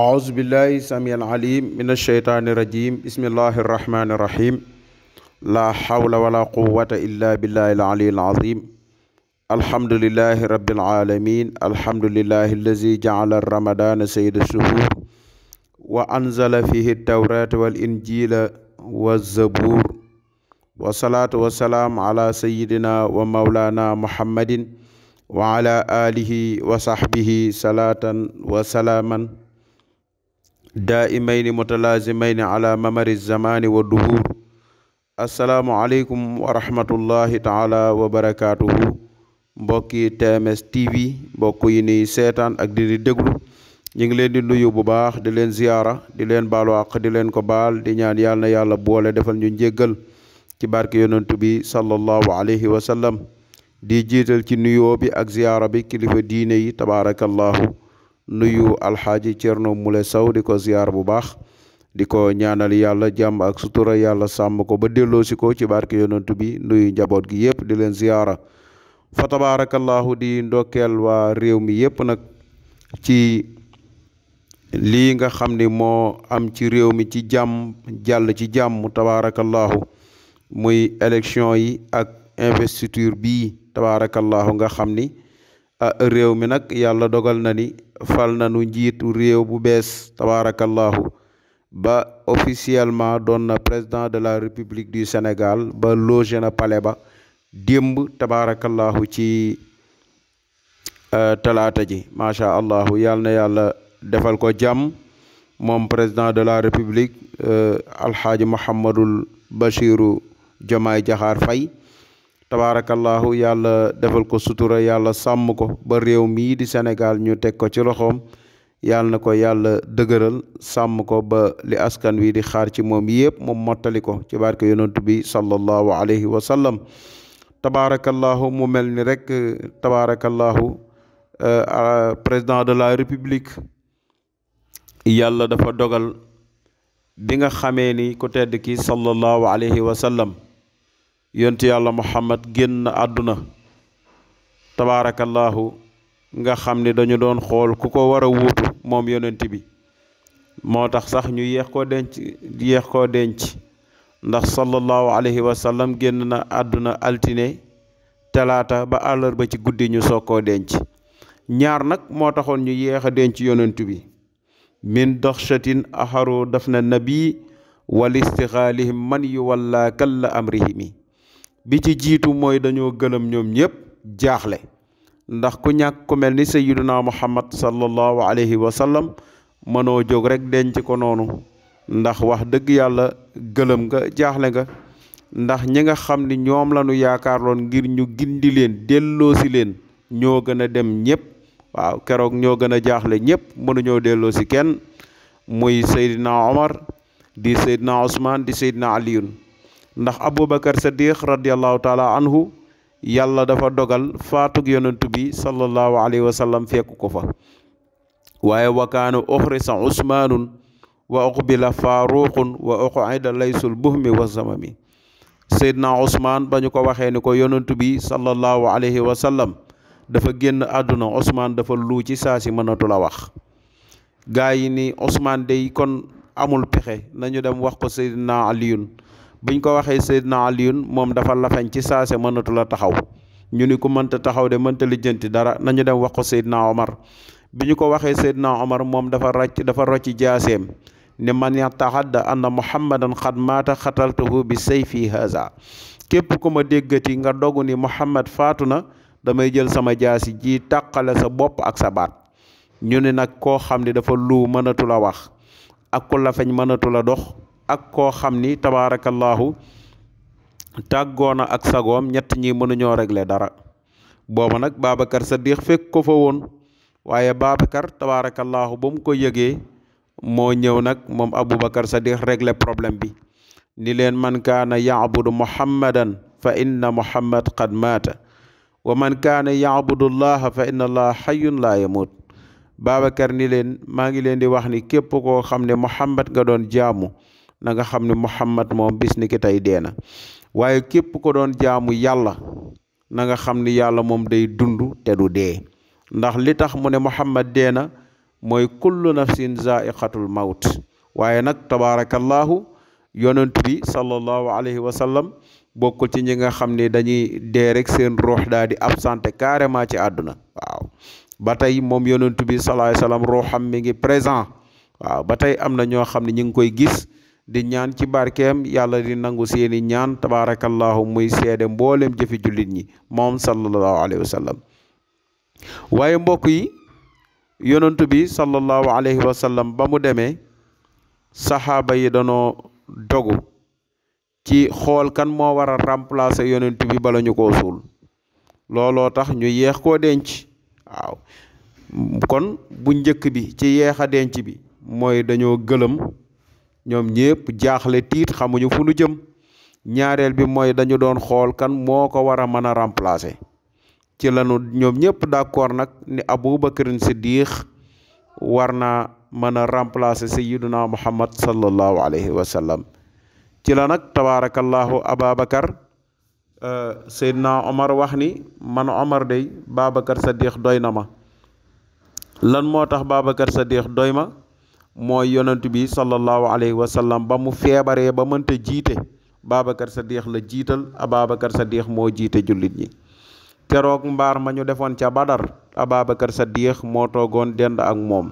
أعوذ بالله سميع العليم من الشيطان الرجيم بسم الله الرحمن الرحيم لا حول ولا قوة إلا بالله العلي العظيم الحمد لله رب العالمين الحمد لله الذي جعل رمضان سيد الشهور وأنزل فيه التوراة والإنجيل والزبور والصلاة والسلام على سيدنا ومولانا محمد وعلى آله وصحبه صلاة وسلاما daa'imayni mutalaazimayni ala mamari zamani wa duhur asalaamu aleykum wa rahmatullahi taala wa mbokki TMS TV mbokk yi ni seetaan ak di déglu ñu ngi leen di nuyu bu baax di leen ziyaara di leen baalu àq di leen ko baal di ñaan yàlla na yàlla boole defal ñu njéggal ci barke yonentu bi sallallahu alayhi wa di jiital ci nuyo bi ak ziyaara bi kilifa diine yi tabaarakallahu nuyu alxaaji Thierno Moule saw di ko ziar bu baax di ko ñaanal yàlla jàmm ak sutura yàlla sàmm ko ba delloosi ko ci barke yonent bi nuyu njaboot gi yëpp di leen ziara fa tabarakallahu di ndokkeel waa réew mi yëpp nag ci lii nga xam ni moo am ci réew mi ci jàmm jàll ci jàmm tabarakallahu muy élection yi ak investiture bii tabarakallahu nga xam ni ah, réew mi nag yàlla dogal na ni fal nu njiitu réew bu bees tabaarakallaahu ba officiellement doon na président de la république du Sénégal ba logé na palais ba démb tabaarakallaahu ci euh, talaata ji macha allah yàlla na yàlla defal ko jàmm moom président de la république euh, alxaaji Mouhamadul Bachiru Jomaay Jaxaar Fay tabaarakallaahu yàlla defal ko sutura yàlla sàmm ko ba réew mii di Sénégal ñu teg ko ci loxoom yàlla na ko yàlla dëgëral sàmm ko ba li askan wi di xaar ci moom yëpp moom mottali ko ci barke yonent bi sallallahu alayhi wa sallam tabaarakallaahu mu mel ni rek tabaarakallaahu euh, président de la république yàlla dafa dogal bi nga xamee ni ku tedd ki sallallahu alayhi wa sallam yonti yàlla muhammad génn na àdduna tabaarakallaahu nga xam ni dañu doon xool ku ko war a wuutu moom yonent bi moo tax sax ñu yéex koo denc yéex koo denc ndax sallallahu alayhi wa génn na àdduna altine talaata ba àllarba ci guddi ñu soog koo denc ñaar nag moo taxoon ñu yéex a denc yonent bi min doxchatin axaru daf na nabi wal istixaalihim man yu walla kalla mi bi ci jiitu mooy dañoo gëlëm ñoom ñépp jaaxle ndax ku ñàkk ku mel ni sayyiduna muhammad sallallahu alayhi wa sallam mënoo jóg rek denc ko noonu ndax wax dëgg yàlla gëlëm nga jaaxle nga ndax ñi nga xam ni ñoom lañu ñu yaakaarloon ngir ñu gindi leen delloosi leen ñoo gën a dem ñépp waaw keroog ñoo gën a jaaxle ñépp mënuñoo delloosi kenn muy Seydina Omar di Seydina Ousmane di Seydina Aliyun ndax aboubacar saddiq radiallahu taala anhu yàlla dafa dogal faatug yonentu bi sallallahu alayhi wa sallam fekk ko fa waaye wakaanu uxrisa usmaanun wa uqbila faaruqun wa uqida laysul buhmi wa zamami seydna usmaan ba ñu ko waxee ni ko yonentu bi sallallahu alayhi wa dafa génn àdduna usmaan dafa luu ci saa si mënatul a wax gaa yi ni usmaan day kon amul pexe nañu dem wax ko seydna aliyun biñ ko waxee Seydina Aliyun moom dafa lafañ ci saase mënatu la taxaw ñu ni ku mënta taxaw de mënta lijjanti dara nañu dem wax ko Seydina Omar bi ñu ko waxee Seydina Omar moom dafa ràcc dafa rocci jaaseem ne man yataxadda anna muhammadan xad maata xataltuhu bi sayfi haza képp ku ma déggati nga dogu ni muhammad faatu na damay jël sama jaas yi ji tàqale sa bopp ak sa baat ñu ne nag koo xam ne dafa lu mënatu la wax ak ku lafañ mënatu la dox ak koo xam ni tabaarakallaahu tàggoona ak sagoom ñett ñi mënuñoo regle dara booba nag Babacar Saddiq fekk ko fa woon waaye Babacar tabaarakallaahu ba mu ko yëgee moo ñëw nag moom Aboubacar Saddiq régler problème bi ni leen man kaana yaabudu muhammadan fa inna muhammad qad maata wa man kaana yaabudu llaha fa inna allaha xayun laa yamut Babacar ni leen maa ngi leen di wax ni képp koo xam ne muhammad nga doon jaamu na nga xam ne Muhammad moom bis ni ki tey dee na waaye képp ko doon jaamu yàlla na nga xam ni yàlla moom day dund te du dee ndax li tax mu ne Muhammad dee na mooy kullu nafsin zaiqatul maut waaye nag tabaarakallaahu yonent bi sallallahu alayhi wa sallam bokkul ci ñi nga xam ne dañuy dee rek seen ruux daal di absenté carrément ci àdduna waaw ba tey moom yonent bi sallallahu alayhi wa ruuxam mi ngi présent waaw ba tey am na ñoo xam ne ñu ngi koy gis di ñaan ci barkeem yàlla di nangu seeni ñaan tabaarakallahu muy seede mboolem jëfi jullit ñi moom sallallahu alayhi wa waaye mbokk yi yonantu bi sallallahu alayhi wa sallam ba mu demee saxaaba yi dañoo dogu ci xool kan moo war a remplacer yonantu bi bala ñu koo suul looloo tax ñu yeex koo denc waaw kon bu njëkk bi ci yeex a denc bi mooy dañoo gëlëm ñoom ñépp jaaxle tiit xamuñu fu nu jëm ñaareel bi mooy dañu doon xool kan moo ko war a mën a remplacer ci lanu ñoom ñépp d'accord nag ni Aboubacarin Siddiq war naa mën a remplacer sayyiduna Muhammad sallallahu alayhi wa ci la nag tabaarakallahu Ababacar euh, Seydina Omar wax ni man Omar day Babacar Saddiq doy na ma lan moo tax Babacar Saddiq doy ma mooy yonent bi sallallahu alayhi wa sallam ba mu feebaree ba mënta jiite Babacar Sadikh la jiital sa Sadikh moo jiite jullit yi keroog mbaar ma ñu defoon ca Badar sa Sadikh moo toogoon dend ak moom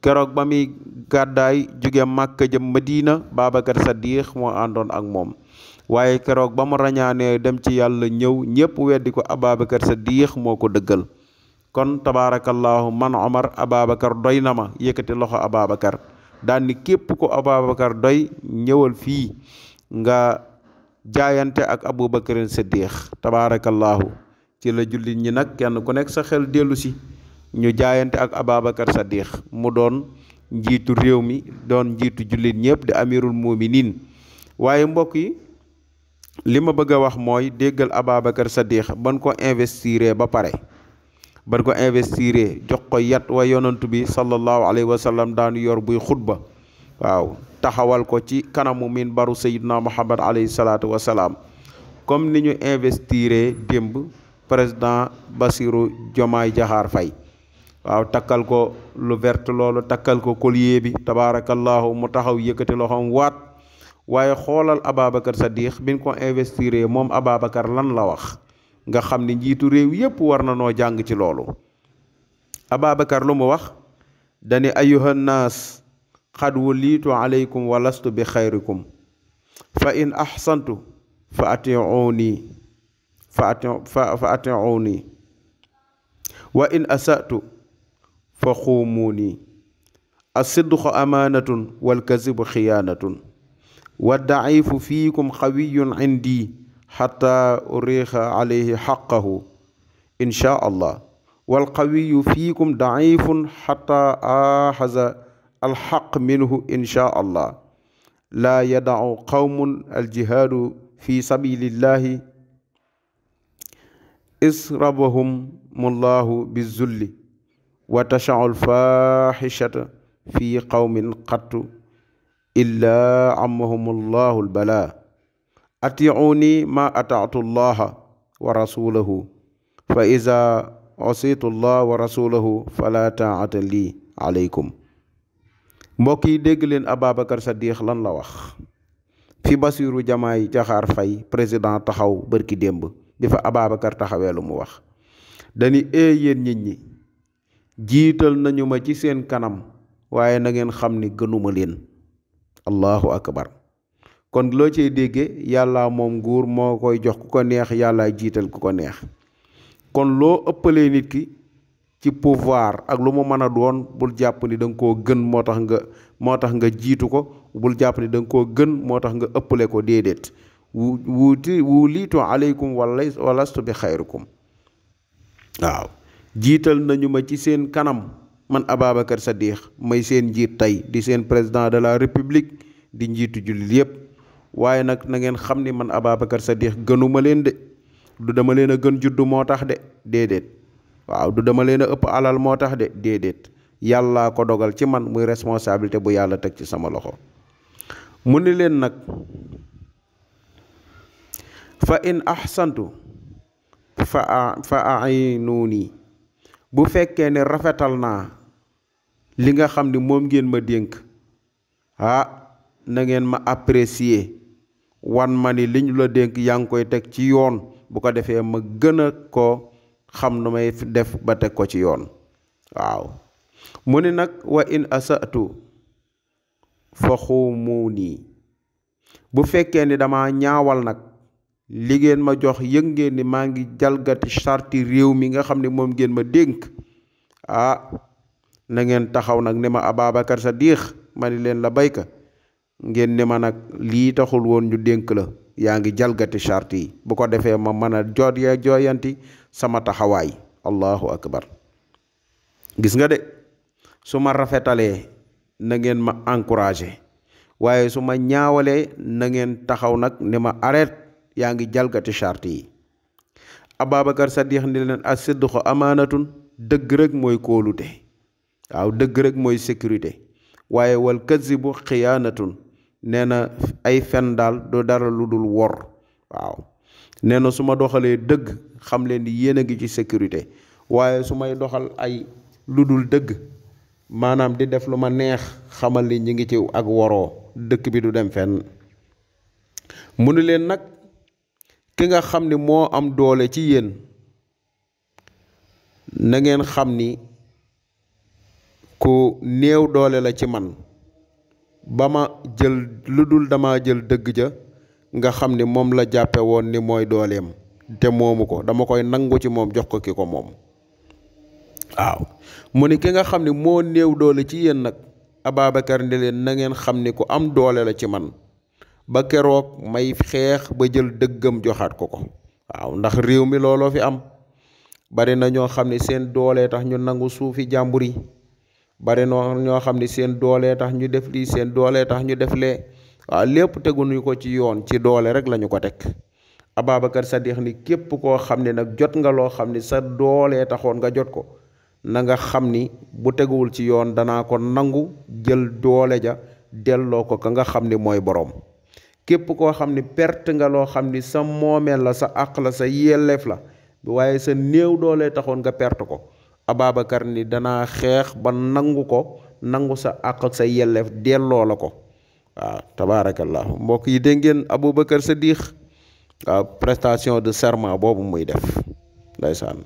keroog ba muy gàddaay jóge Màkka jëm Madina sa Sadikh moo àndoon ak moom waaye keroog ba mu rañaanee dem ci yàlla ñëw ñépp weddi ko Ababacar Sadikh moo ko dëggal kon tabaarakallaahu man omar ababacar doy na ma yëkkati loxo ababacar daan ni képp ko ababacar doy ñëwal fii nga jaayante ak aboubacarin siddiq tabaarakallaahu ci la jullit ñi nag kenn ku nekk sa xel dellusi ñu jaayante ak ababacar siddiq mu doon njiitu réew mi doon njiitu jullit ñëpp di amirul muminin waaye mbokk yi li ma bëgg a wax mooy déggal ababacar siddiq ban ko investiré ba pare ban ko investir jox ko yat wa yonantu bi sallallahu alayhi wa sallam daan yor buy xutba waaw taxawal ko ci kanamu min baru sayidna muhammad alayhi salaatu wa salaam comme ni ñu investir démb président basiru Diomaye Diakhar fay waaw takkal ko lu vert loolu takkal ko collier bi tabaarakallahu mu taxaw yëkkati loxoom waat waaye xoolal Ababacar Sadiq biñ ko investir moom Ababacar lan la wax nga xam ni njiitu réew yépp war na noo jàng ci loolu Ababacar lu mu wax dani ayuha nnaas xad wuliitu aleykum wa lastu bi xayrikum fa in axsantu fa atiuni fa wa in asatu fa xuumuuni asidqu amaanatun walkazibu xiyaanatun wa daifu fiikum xawiyun indi xataa uriixa alayhi xaqahu inchaa allah walqawiyu fiikum daifun xataa aaxaza alxaq minhu inchaa allah laa yadacu qawmun aljihaadu fi sabilillahi israbahumullahu bizulli wa tashacu alfaxishata fi qawmin qattu illaa amahumullahu albalaa atiuni ma ataatu llaha wa rasulahu fa ida ositu llah wa rasulahu fala taata lii aleykum mbokk yi dégg leen Ababacar Saddiq lan la wax fi basiiru Basiru yi Jaxaar Fay président taxaw barki démb di fa Ababacar taxawee lu mu wax dañu ee yéen nit ñi jiital nañu ma ci seen kanam waaye na ngeen xam ni gënuma leen allahu akbar kon loo cay déggee yàlla moom nguur moo koy jox ku ko neex yàlla jiital ku ko neex kon loo ëppale nit ki ci pouvoir ak lu mu mën a doon bul jàpp ni da gën moo tax nga moo tax nga jiitu ko bul jàpp ni da gën moo tax nga ëppale ko déedéet wu wuuti wuuliitu aleykum wala walastu bi xayrukum waaw jiital nañu ma ci seen kanam man Ababacar Sadikh may seen njiit tey di seen président de la république di njiitu jullit yépp waaye nag na ngeen xam ni man sa Sadikh gënuma leen de du dama leen a gën juddu moo tax de déedéet waaw du dama leen a ëpp alal moo tax de déedéet yàllaa ko dogal ci man muy responsabilité bu yàlla teg ci sama loxo mu ni leen nag fa in santu fa a fa ainuni bu fekkee ne rafetal naa li nga xam ni moom ngeen ma dénk ah na ngeen ma apprécier wan ma ni li ñu la dénk yaa ngi koy teg ci yoon bu ko defee ma gën a ko xam nu may def ba teg ko ci yoon waaw mu ni nag wa in asatu fa xuumuu nii bu fekkee ni dama ñaawal nag li ngeen ma jox yëg ngeen ni maa ngi jalgati sarti réew mi nga xam ne moom ngeen ma dénk ah na ngeen taxaw nag ne ma Ababacar Sadiq ma ni leen la bayka ngeen ne ma nag lii taxul woon ñu dénk la yaa ngi jalgati charte yi bu ko defee ma mën a joot jooyanti sama taxawaay allahu akbar gis nga de su ma rafetalee na ngeen ma encouragé waaye su ma ñaawalee na ngeen taxaw nag ne ma arrête yaa ngi jalgati charte yi Ababacar Sadikh ni leen as-sidqu amaanatun dëgg rek mooy kóolute waaw dëgg rek mooy sécurité waaye wal kazibu xiyaanatun nee na ay fen daal du dara lu dul wor waaw nee na su ma doxalee dëgg xam leen ni yéen a ngi ci sécurité waaye su may doxal ay lu dul dëgg maanaam di def lu ma neex xamal ni ñi ngi ci ak woroo dëkk bi du dem fenn mu ni leen nag ki nga xam ni moo am doole ci yéen na ngeen xam ni ku néew doole la ci man ba ma jël lu dul dama jël dëgg ja nga xam ni moom la jàppe woon ni mooy dooleem te moomu ko dama koy nangu ci moom jox ko ki ko moom waaw mu ni ki nga xam ni moo néew doole ci yéen nag Ababacar ne leen xam ni ku am doole la ci man ba keroog may xeex ba jël dëggam joxaat ko ko waaw ndax réew mi looloo fi am bari na ñoo xam ni seen doolee tax ñu nangu suufi jàmbur yi bare noo ñoo xam ni seen doolee tax ñu def lii seen doolee tax ñu def lee waaw lépp teguñu ko ci yoon ci doole rek lañu ko teg sa dex ni képp koo xam ne nag jot nga loo xam ne sa doolee taxoon nga jot ko na nga xam ni bu teguwul ci yoon danaa ko nangu jël doole ja delloo ko ka nga xam ni mooy boroom képp koo xam ni perte nga loo xam ni sa moomeel la sa àq la sa yelleef la waaye sa néew doolee taxoon nga perte ko Ababacar ni danaa xeex ba nangu ko nangu sa àq sa yelleef delloo la ko waaw tabaarakallahu mbokk yi dégg ngeen sa Sadiq waaw prestation de serment boobu muy def ndeysaan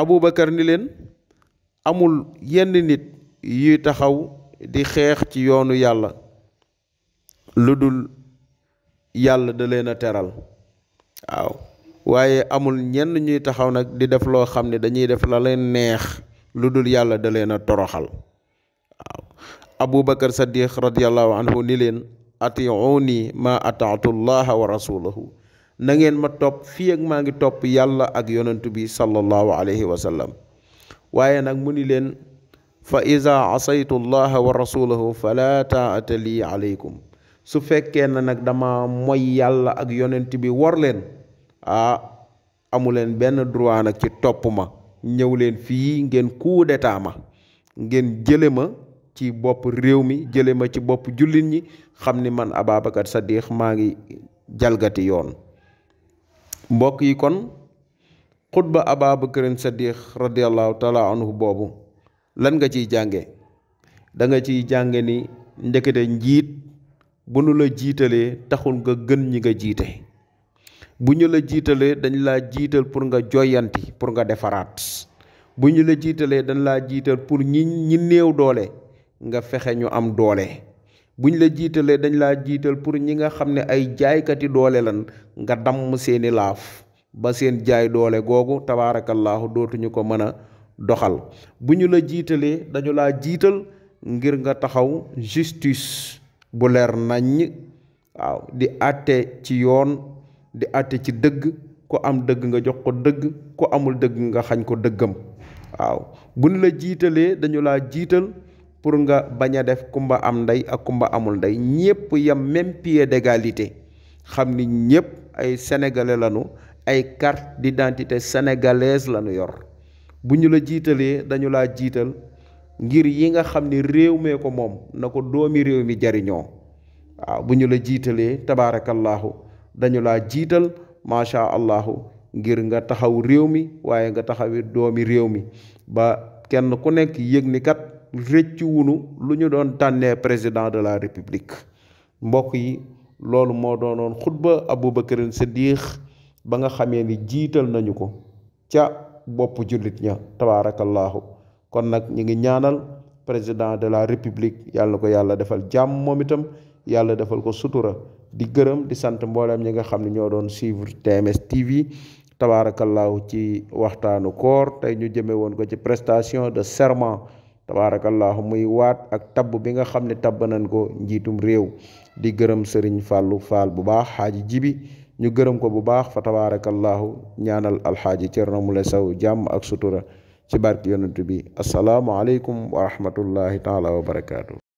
Aboubacar ni leen amul yenn nit yuy taxaw di xeex ci yoonu yàlla lu dul yàlla da leen a teral waaw waaye amul ñenn ñuy taxaw nag di def loo xam ne dañuy def la leen neex lu dul yàlla da leen a toroxal waaw abubakar saddiq radiallahu anhu ni leen atiuni ma ataatu llaha wa rasulahu na ngeen ma topp fii ak maa ngi topp yàlla ak yonent bi sallallahu alayhi wasalam waaye nag mu ni leen fa ida asaytu llaha wa rasulahu fala taata lii aleykum su fekkee na nag dama moy yàlla ak yonent bi war leen ah amuleen benn droit nag ci topp ma ñëw leen fii ngeen coup d'état ma ngeen jële ma ci bopp réew mi jële ma ci bopp jullit ñi xam ni man Ababacar Sadikh maa ngi jalgati yoon mbokk yi kon xutba Ababacar Sadikh radiallahu taala anhu boobu lan nga ciy jànge danga ciy jànge ni ndekete njiit bu nu la jiitalee taxul nga gën ñi nga jiite bu ñu la jiitalee dañ laa jiital pour nga joyanti pour nga defaraat bu ñu la jiitalee dañ laa jiital pour ñi ñi néew doole nga fexe ñu am doole bu ñu la jiitalee dañ laa jiital pour ñi nga xam ne ay jaaykati doole lan nga damm seeni laaf ba seen jaay doole googu tabaarakallaahu dootuñu ko mën a doxal bu ñu la jiitalee dañu laa jiital ngir nga taxaw justus bu leer naññ waaw di àtte ci yoon di àtte ci dëgg ko am dëgg nga jox ko dëgg ku amul dëgg nga xañ ko dëggam waaw bu ñu la jiitalee dañu laa jiital pour nga bañ a def kumba am ndey ak kumba amul ndey ñëpp yam même pied d'égalité xam ni ñëpp ay sénégalais lañu ay di d'identité sénégalaise lanu yor bu ñu la jiitalee dañu laa jiital ngir yi nga xam ni réew mee ko moom na ko doomi réew mi jariñoo waaw bu ñu la jiitalee tabaarakallaahu dañu laa jiital macha allahu ngir nga taxaw réew mi waaye nga taxawi doomi réew mi ba kenn ku nekk yëg ni kat rëcc wunu lu ñu doon tànnee président de la république mbokk yi loolu moo doonoon xutba aboubacarin siddiq ba nga xamee ni jiital nañu ko ca bopp jullit ña tabaarakallaahu kon nag ñu ngi ñaanal président de la république yàlla ko yàlla defal jàmm moom itam yàlla defal ko sutura di gërëm di sant mboolem ñi nga xam ne ñoo doon suivre TMS TV tabaarakallaahu ci waxtaanu koor tey ñu jëme woon ko ci prestation de serment tabaarakallaahu muy waat ak tab bi nga xam ne tabb nañ ko njiitum réew di gërëm sëriñ fàllu faal bu baax xaaji jibi ñu gërëm ko bu baax fa tabaarakallaahu ñaanal alxaaji Thierno Moule Sow jàmm ak sutura ci barke yonent bi asalaamualeykum wa rahmatullahi taala wa barakaatu.